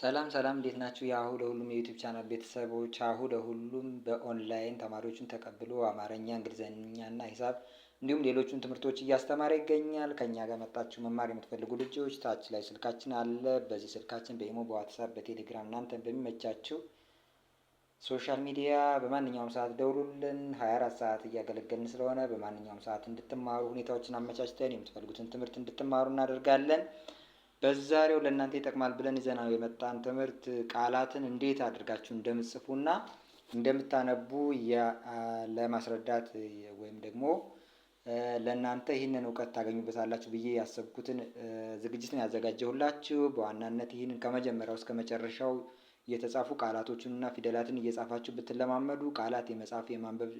ሰላም ሰላም እንዴት ናችሁ? የአሁ ለሁሉም የዩቲዩብ ቻናል ቤተሰቦች፣ አሁ ለሁሉም በኦንላይን ተማሪዎችን ተቀብሎ አማርኛ፣ እንግሊዝኛ እና ሂሳብ እንዲሁም ሌሎቹን ትምህርቶች እያስተማረ ይገኛል። ከኛ ጋር መጣችሁ መማር የምትፈልጉ ልጆች ታች ላይ ስልካችን አለ። በዚህ ስልካችን በኢሞ፣ በዋትሳፕ፣ በቴሌግራም እናንተን በሚመቻችው ሶሻል ሚዲያ በማንኛውም ሰዓት ደውሉልን። ሀያ አራት ሰዓት እያገለገልን ስለሆነ በማንኛውም ሰዓት እንድትማሩ ሁኔታዎችን አመቻችተን የምትፈልጉትን ትምህርት እንድትማሩ እናደርጋለን። በዛሬው ለእናንተ ይጠቅማል ብለን ይዘናው የመጣን ትምህርት ቃላትን እንዴት አድርጋችሁ እንደምትጽፉና እንደምታነቡ ለማስረዳት ወይም ደግሞ ለእናንተ ይህንን እውቀት ታገኙበታላችሁ ብዬ ያሰብኩትን ዝግጅትን ያዘጋጀሁላችሁ። በዋናነት ይህንን ከመጀመሪያው እስከ መጨረሻው የተጻፉ ቃላቶችንና ፊደላትን እየጻፋችሁ ብትለማመዱ ቃላት የመጻፍ የማንበብ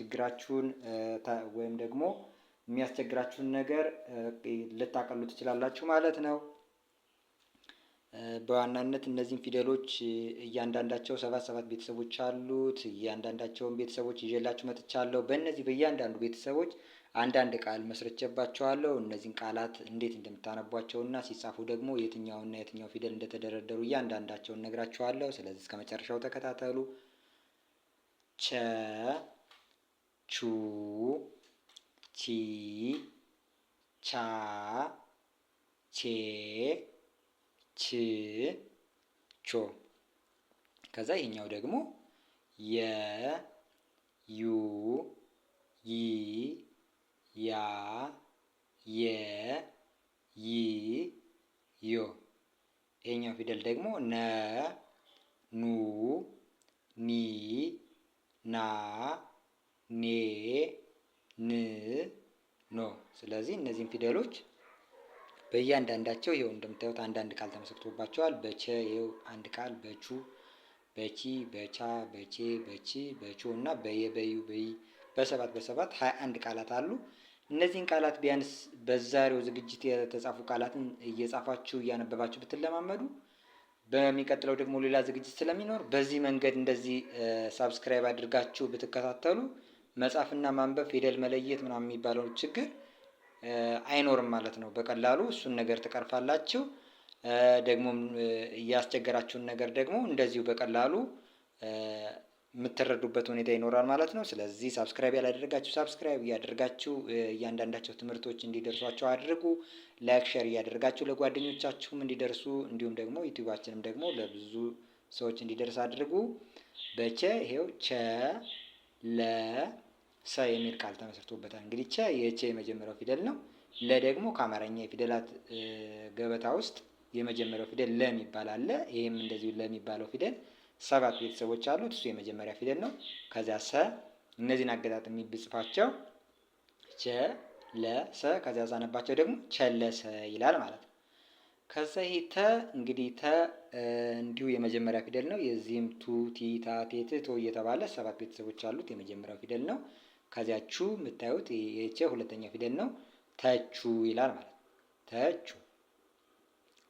ችግራችሁን ወይም ደግሞ የሚያስቸግራችሁን ነገር ልታቀሉ ትችላላችሁ ማለት ነው። በዋናነት እነዚህን ፊደሎች እያንዳንዳቸው ሰባት ሰባት ቤተሰቦች አሉት። እያንዳንዳቸውን ቤተሰቦች ይዤላችሁ መጥቻለሁ። በእነዚህ በእያንዳንዱ ቤተሰቦች አንዳንድ ቃል መስርቼባቸዋለሁ። እነዚህን ቃላት እንዴት እንደምታነቧቸውና ሲጻፉ ደግሞ የትኛውና የትኛው ፊደል እንደተደረደሩ እያንዳንዳቸውን ነግራችኋለሁ። ስለዚህ እስከ መጨረሻው ተከታተሉ። ቸ ቹ ቺ ቻ ቼ ች ቾ ከዛ ይሄኛው ደግሞ የ ዩ ይ ያ የ ይ ዮ ይሄኛው ፊደል ደግሞ ነ ኑ ኒ ና ኔ ን ኖ። ስለዚህ እነዚህን ፊደሎች በእያንዳንዳቸው ይኸው እንደምታዩት አንዳንድ ቃል ተመሰክቶባቸዋል። በቸ ይኸው አንድ ቃል፣ በቹ፣ በቺ፣ በቻ፣ በቼ፣ በቺ፣ በቾ እና በየ፣ በዩ፣ በይ በሰባት በሰባት ሀያ አንድ ቃላት አሉ። እነዚህን ቃላት ቢያንስ በዛሬው ዝግጅት የተጻፉ ቃላትን እየጻፋችሁ እያነበባችሁ ብትለማመዱ በሚቀጥለው ደግሞ ሌላ ዝግጅት ስለሚኖር በዚህ መንገድ እንደዚህ ሳብስክራይብ አድርጋችሁ ብትከታተሉ መጻፍና ማንበብ ፊደል መለየት ምናምን የሚባለው ችግር አይኖርም ማለት ነው። በቀላሉ እሱን ነገር ትቀርፋላችሁ። ደግሞ እያስቸገራችሁን ነገር ደግሞ እንደዚሁ በቀላሉ የምትረዱበት ሁኔታ ይኖራል ማለት ነው። ስለዚህ ሳብስክራይብ ያላደረጋችሁ ሳብስክራይብ እያደረጋችሁ እያንዳንዳቸው ትምህርቶች እንዲደርሷቸው አድርጉ። ላይክ፣ ሸር እያደረጋችሁ ለጓደኞቻችሁም እንዲደርሱ እንዲሁም ደግሞ ዩቲዩባችንም ደግሞ ለብዙ ሰዎች እንዲደርስ አድርጉ። በቸ ይሄው ቸ ለ ሰ የሚል ቃል ተመስርቶበታል። እንግዲህ ቸ የቸ የመጀመሪያው ፊደል ነው። ለ ደግሞ ከአማርኛ የፊደላት ገበታ ውስጥ የመጀመሪያው ፊደል ለም ይባላል። አለ። ይህም እንደዚሁ ለ የሚባለው ፊደል ሰባት ቤተሰቦች አሉት። እሱ የመጀመሪያ ፊደል ነው። ከዚያ ሰ እነዚህን አገጣጥም የሚብጽፋቸው ቸ ለሰ ከዚያ ዛነባቸው ደግሞ ቸለሰ ይላል ማለት ነው። ከዛ ይሄ ተ እንግዲህ ተ እንዲሁ የመጀመሪያ ፊደል ነው። የዚህም ቱ ቲ ታ ቴ ት ቶ እየተባለ ሰባት ቤተሰቦች አሉት የመጀመሪያው ፊደል ነው። ከዚያችሁ የምታዩት የቼ ሁለተኛ ፊደል ነው። ተቹ ይላል ማለት ነው። ተቹ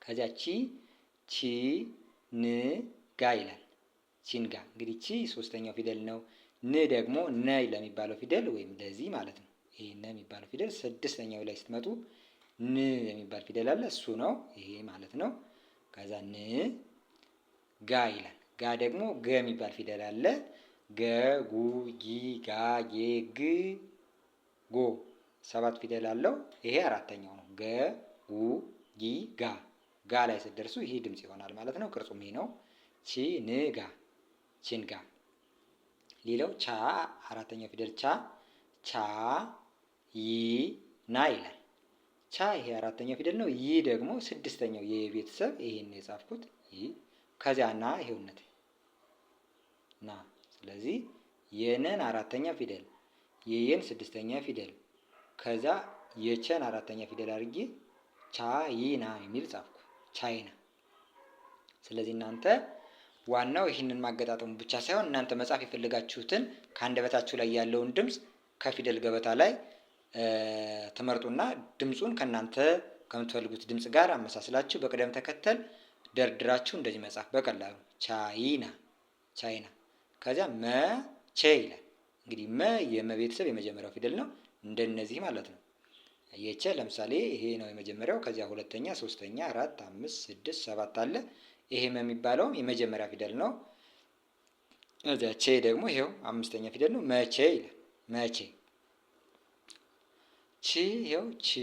ከዚያቺ ቺ ን ጋ ይላል። ቺንጋ እንግዲህ ቺ ሶስተኛው ፊደል ነው። ን ደግሞ ነ ለሚባለው ፊደል ወይም ለዚህ ማለት ነው። ይሄ ነ የሚባለው ፊደል ስድስተኛው ላይ ስትመጡ ን የሚባል ፊደል አለ። እሱ ነው ይሄ ማለት ነው። ከዛ ን ጋ ይላል። ጋ ደግሞ ገ የሚባል ፊደል አለ። ገ ጉ ጊ ጋ ጌ ግ ጎ ሰባት ፊደል አለው። ይሄ አራተኛው ነው። ገ ጉ ጊ ጋ ጋ ላይ ስትደርሱ ይሄ ድምጽ ይሆናል ማለት ነው። ቅርጹም ይሄ ነው። ቺ ን ጋ ሌላው ቻ አራተኛው ፊደል ቻ ቻ ይ ና ይላል። ቻ ይሄ አራተኛው ፊደል ነው። ይ ደግሞ ስድስተኛው የቤተሰብ ይሄን የጻፍኩት ይ ከዚያ ና ይሄውነት ና ስለዚህ የነን አራተኛ ፊደል የየን ስድስተኛ ፊደል ከዛ የቸን አራተኛ ፊደል አድርጌ ቻይና የሚል ጻፍኩ። ቻይና። ስለዚህ እናንተ ዋናው ይህንን ማገጣጠሙ ብቻ ሳይሆን እናንተ መጻፍ የፈለጋችሁትን ከአንደበታችሁ ላይ ያለውን ድምፅ ከፊደል ገበታ ላይ ትመርጡና ድምፁን ከእናንተ ከምትፈልጉት ድምፅ ጋር አመሳስላችሁ በቅደም ተከተል ደርድራችሁ እንደዚህ መጻፍ በቀላሉ ቻይና ቻይና ከዚያ መቼ ይላል። እንግዲህ መ የመቤተሰብ የመጀመሪያው ፊደል ነው። እንደነዚህ ማለት ነው። የቸ ለምሳሌ ይሄ ነው የመጀመሪያው። ከዚያ ሁለተኛ፣ ሶስተኛ፣ አራት፣ አምስት፣ ስድስት፣ ሰባት አለ። ይሄ የሚባለውም የመጀመሪያ ፊደል ነው። እዚያ ቼ ደግሞ ይሄው አምስተኛ ፊደል ነው። መቼ ይላል። መቼ ቺ ይሄው ቺ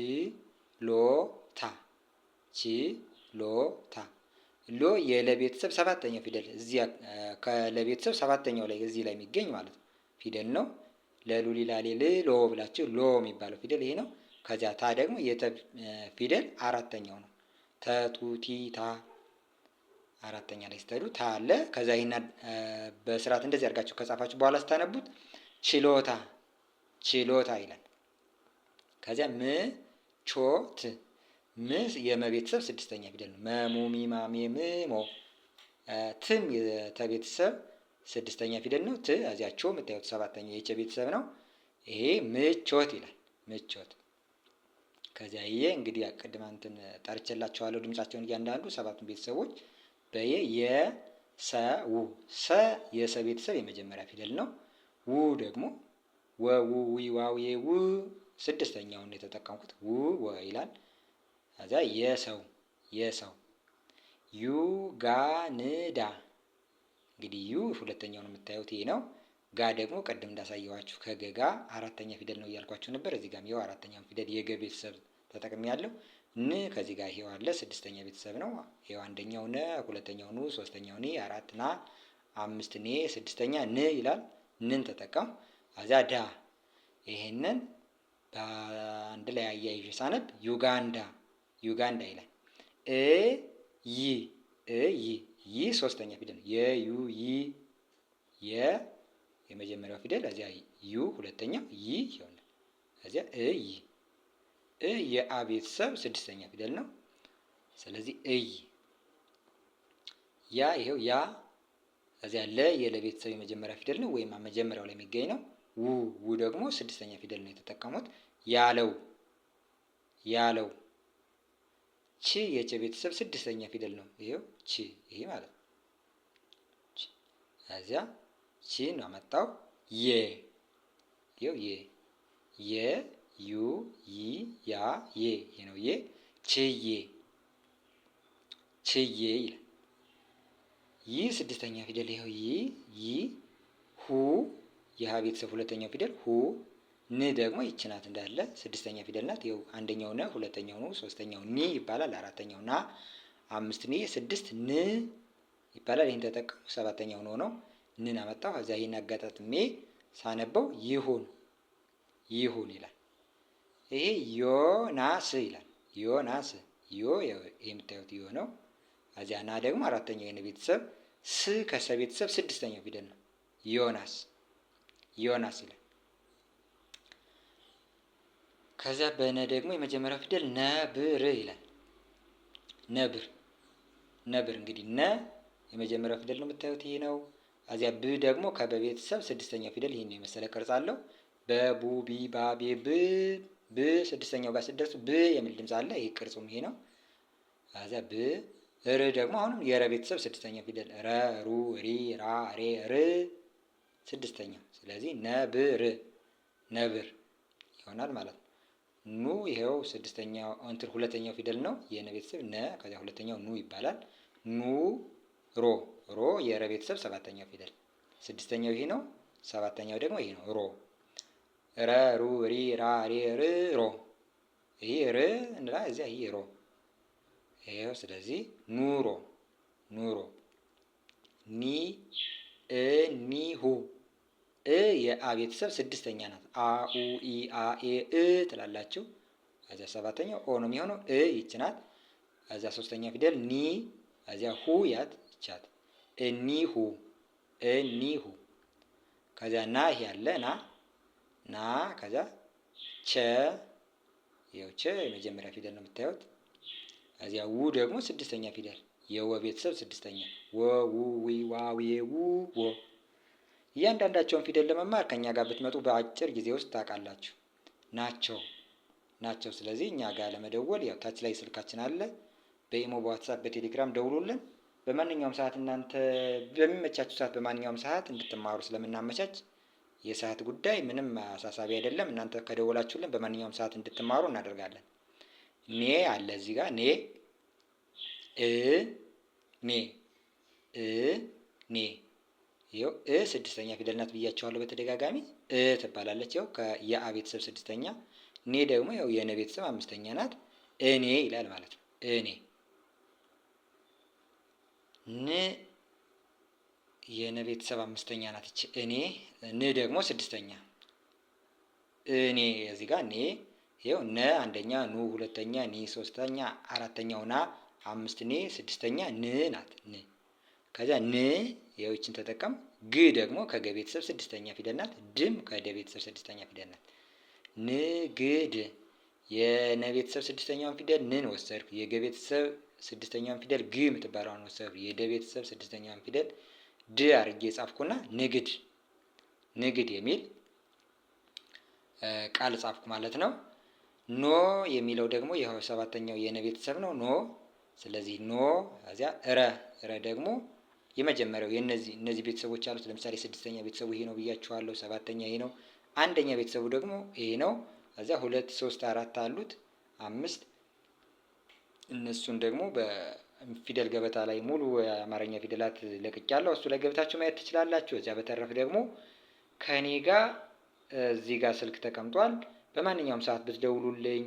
ሎ ታ ቺ ሎ ታ ሎ የለቤተሰብ ሰባተኛው ፊደል እዚያ ከለቤተሰብ ሰባተኛው ላይ እዚህ ላይ የሚገኝ ማለት ነው ፊደል ነው። ለሉ ሊላ ሌል ሎ ብላችሁ ሎ የሚባለው ፊደል ይሄ ነው። ከዚያ ታ ደግሞ የተ ፊደል አራተኛው ነው። ተቱቲ ታ አራተኛ ላይ ስትሄዱ ታ አለ። ከዛ ይህና በስርዓት እንደዚህ አድርጋችሁ ከጻፋችሁ በኋላ ስታነቡት ችሎታ ችሎታ ይላል። ከዚያ ምቾት ምስ የመቤተሰብ ስድስተኛ ፊደል ነው። መሙ ምሞ ትም የተቤተሰብ ስድስተኛ ፊደል ነው። ት እዚያቸው የምታዩት ሰባተኛ የጨ ቤተሰብ ነው። ይሄ ምቾት ይላል። ምቾት ከዚያ ዬ እንግዲህ ቅድም እንትን ጠርቼላቸዋለሁ ድምጻቸውን እያንዳንዱ ሰባቱን ቤተሰቦች በየ የሰው ሰ የሰ ቤተሰብ የመጀመሪያ ፊደል ነው። ው ደግሞ ወው ዊ ዋው የው ስድስተኛውን የተጠቀምኩት ው ወ ይላል። ከዚያ የሰው የሰው ዩ ጋ ዩጋንዳ እንግዲህ ዩ ሁለተኛውን የምታዩት ይሄ ነው። ጋ ደግሞ ቀደም እንዳሳየዋችሁ ከገጋ አራተኛ ፊደል ነው እያልኳችሁ ነበር። እዚህ ጋም ይኸው አራተኛውን ፊደል የገ ቤተሰብ ተጠቅሜ ያለው ን ከዚህ ጋር ይኸው አለ ስድስተኛ ቤተሰብ ነው። ይኸው አንደኛው ነ፣ ሁለተኛው ኑ፣ ሶስተኛው ኒ፣ አራት ና፣ አምስት ኔ፣ ስድስተኛ ን ይላል። ንን ተጠቀም። ከዚያ ዳ ይሄንን በአንድ ላይ አያይዤ ሳነብ ዩጋንዳ ዩጋንዳ ይላል። እ ይ እ ይ ይ ሶስተኛ ፊደል ነው። የዩ ይ የ የመጀመሪያው ፊደል እዚያ ዩ ሁለተኛው ይ ይሆናል። እዚያ እ ይ እ የአ ቤተሰብ ስድስተኛ ፊደል ነው። ስለዚህ እይ ያ ይሄው ያ እዚያ ለ የለቤተሰብ የመጀመሪያ ፊደል ነው ወይም መጀመሪያው ላይ የሚገኝ ነው። ው ው ደግሞ ስድስተኛ ፊደል ነው የተጠቀሙት ያለው ያለው ቺ የጨ ቤተሰብ ስድስተኛ ፊደል ነው። ይሄው ቺ ይሄ ማለት ነው። እዚያ ቺ ነው አመጣው የ ይሄው የ የ ዩ ይ ያ የ ይሄ ነው የ ችዬ ችዬ ይላል። ይህ ስድስተኛ ፊደል ይሄው ይ ይ ሁ የሀ ቤተሰብ ሁለተኛው ፊደል ሁ ን ደግሞ ይቺ ናት እንዳለ ስድስተኛ ፊደል ናት። ይኸው አንደኛው ነ፣ ሁለተኛው ነው፣ ሶስተኛው ኒ ይባላል። አራተኛው ና፣ አምስት ኒ፣ ስድስት ን ይባላል። ይህን ተጠቀሙ። ሰባተኛው ነው ነው ንን አመጣሁ። ከዚያ ይህን አጋጣጥሜ ሳነበው ይሁን ይሁን ይላል። ይሄ ዮናስ ይላል። ዮናስ ዮ የምታዩት ዮ ነው። ከዚያ ና ደግሞ አራተኛው የነ ቤተሰብ ስ ከሰ ቤተሰብ ስድስተኛው ፊደል ነው። ዮናስ ዮናስ ይላል። ከዚያ በነ ደግሞ የመጀመሪያ ፊደል ነብር ይላል። ነብር ነብር እንግዲህ ነ የመጀመሪያው ፊደል ነው የምታዩት ይሄ ነው። አዚያ ብ ደግሞ ከበቤተሰብ ስድስተኛው ፊደል ይህን የመሰለ ቅርጽ አለው። በቡ ቢ ባ ቤ ብ ብ ስድስተኛው ጋር ስትደርሱ ብ የሚል ድምፅ አለ። ይህ ቅርጹም ይሄ ነው። አዚያ ብ ር ደግሞ አሁንም የረ ቤተሰብ ስድስተኛው ፊደል ረ ሩ ሪ ራ ሬ ር ስድስተኛው። ስለዚህ ነብር ነብር ይሆናል ማለት ነው። ኑ ይኸው ስድስተኛው እንትን ሁለተኛው ፊደል ነው። የነ ቤተሰብ ነ፣ ከዚያ ሁለተኛው ኑ ይባላል። ኑ ሮ ሮ የረ ቤተሰብ ሰባተኛው ፊደል። ስድስተኛው ይሄ ነው። ሰባተኛው ደግሞ ይሄ ነው። ሮ ረ ሩ ሪ ራ ሬ ር ሮ ይሄ ር እንላ እዚያ ይሄ ሮ ይሄው። ስለዚህ ኑሮ ኑሮ ኒ እ ኒ ሁ እ የአ ቤተሰብ ስድስተኛ ናት። አ ኡ ኢ አ ኤ እ ትላላችሁ። እዚያ ሰባተኛው ኦ ነው የሚሆነው እ ይች ናት። እዚያ ሶስተኛ ፊደል ኒ፣ እዚያ ሁ ያት ይቻት እኒሁ እኒሁ። ከዚያ ና ይሄ ያለ ና ና። ከዚያ ቸ ይኸው ቸ የመጀመሪያ ፊደል ነው የምታዩት። እዚያ ው ደግሞ ስድስተኛ ፊደል የወ ቤተሰብ ስድስተኛ ወ ው ዊ ዋ ዌ ው ወ እያንዳንዳቸውን ፊደል ለመማር ከእኛ ጋር ብትመጡ በአጭር ጊዜ ውስጥ ታውቃላችሁ። ናቸው ናቸው። ስለዚህ እኛ ጋር ለመደወል ያው ታች ላይ ስልካችን አለ። በኢሞ፣ በዋትሳፕ፣ በቴሌግራም ደውሉልን። በማንኛውም ሰዓት እናንተ በሚመቻችሁ ሰዓት በማንኛውም ሰዓት እንድትማሩ ስለምናመቻች የሰዓት ጉዳይ ምንም አሳሳቢ አይደለም። እናንተ ከደወላችሁልን በማንኛውም ሰዓት እንድትማሩ እናደርጋለን። ኔ አለ እዚህ ጋር ኔ እ ኔ እ ኔ ይኸው እ ስድስተኛ ፊደል ናት ብያቸዋለሁ በተደጋጋሚ እ ትባላለች። ያው ከየአ ቤተሰብ ስድስተኛ፣ እኔ ደግሞ ያው የነ ቤተሰብ አምስተኛ ናት። እኔ ይላል ማለት ነው። እኔ ን የነ ቤተሰብ አምስተኛ ናት እች እኔ ን ደግሞ ስድስተኛ እኔ እዚህ ጋር ኔ ይኸው ነ አንደኛ፣ ኑ ሁለተኛ፣ ኒ ሶስተኛ፣ አራተኛው ና አምስት ኔ ስድስተኛ ን ናት ን ከዚያ ን ያዎችን ተጠቀም። ግ ደግሞ ከገ ቤተሰብ ስድስተኛ ፊደል ናት። ድም ከደ ቤተሰብ ስድስተኛ ፊደል ናት። ንግድ የነ ቤተሰብ ስድስተኛውን ፊደል ንን ወሰድኩ። የገ ቤተሰብ ስድስተኛውን ፊደል ግ የምትባለውን ወሰድኩ። የደ ቤተሰብ ስድስተኛውን ፊደል ድ አድርጌ ጻፍኩና ንግድ ንግድ የሚል ቃል ጻፍኩ ማለት ነው። ኖ የሚለው ደግሞ የሰባተኛው የነ ቤተሰብ ነው። ኖ ስለዚህ ኖ እዚያ እረ ረ ደግሞ የመጀመሪያው የነዚህ እነዚህ ቤተሰቦች አሉት። ለምሳሌ ስድስተኛ ቤተሰቡ ይሄ ነው ብያችኋለሁ። ሰባተኛ ይሄ ነው። አንደኛ ቤተሰቡ ደግሞ ይሄ ነው። ከዚያ ሁለት፣ ሶስት፣ አራት አሉት አምስት። እነሱን ደግሞ በፊደል ገበታ ላይ ሙሉ የአማርኛ ፊደላት ለቅቄያለሁ። እሱ ላይ ገብታችሁ ማየት ትችላላችሁ። እዚያ በተረፍ ደግሞ ከኔ ጋር እዚህ ጋር ስልክ ተቀምጧል። በማንኛውም ሰዓት ብትደውሉልኝ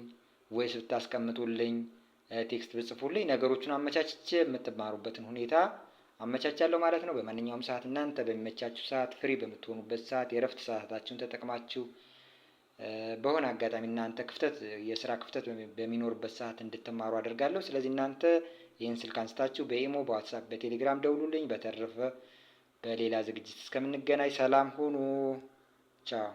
ወይስ ብታስቀምጡልኝ ቴክስት ብጽፉልኝ ነገሮቹን አመቻችቼ የምትማሩበትን ሁኔታ አመቻቻለሁ ማለት ነው። በማንኛውም ሰዓት እናንተ በሚመቻችሁ ሰዓት፣ ፍሪ በምትሆኑበት ሰዓት፣ የእረፍት ሰዓታችሁን ተጠቅማችሁ በሆነ አጋጣሚ እናንተ ክፍተት የስራ ክፍተት በሚኖርበት ሰዓት እንድትማሩ አደርጋለሁ። ስለዚህ እናንተ ይህን ስልክ አንስታችሁ በኢሞ፣ በዋትሳፕ፣ በቴሌግራም ደውሉልኝ። በተረፈ በሌላ ዝግጅት እስከምንገናኝ ሰላም ሁኑ። ቻው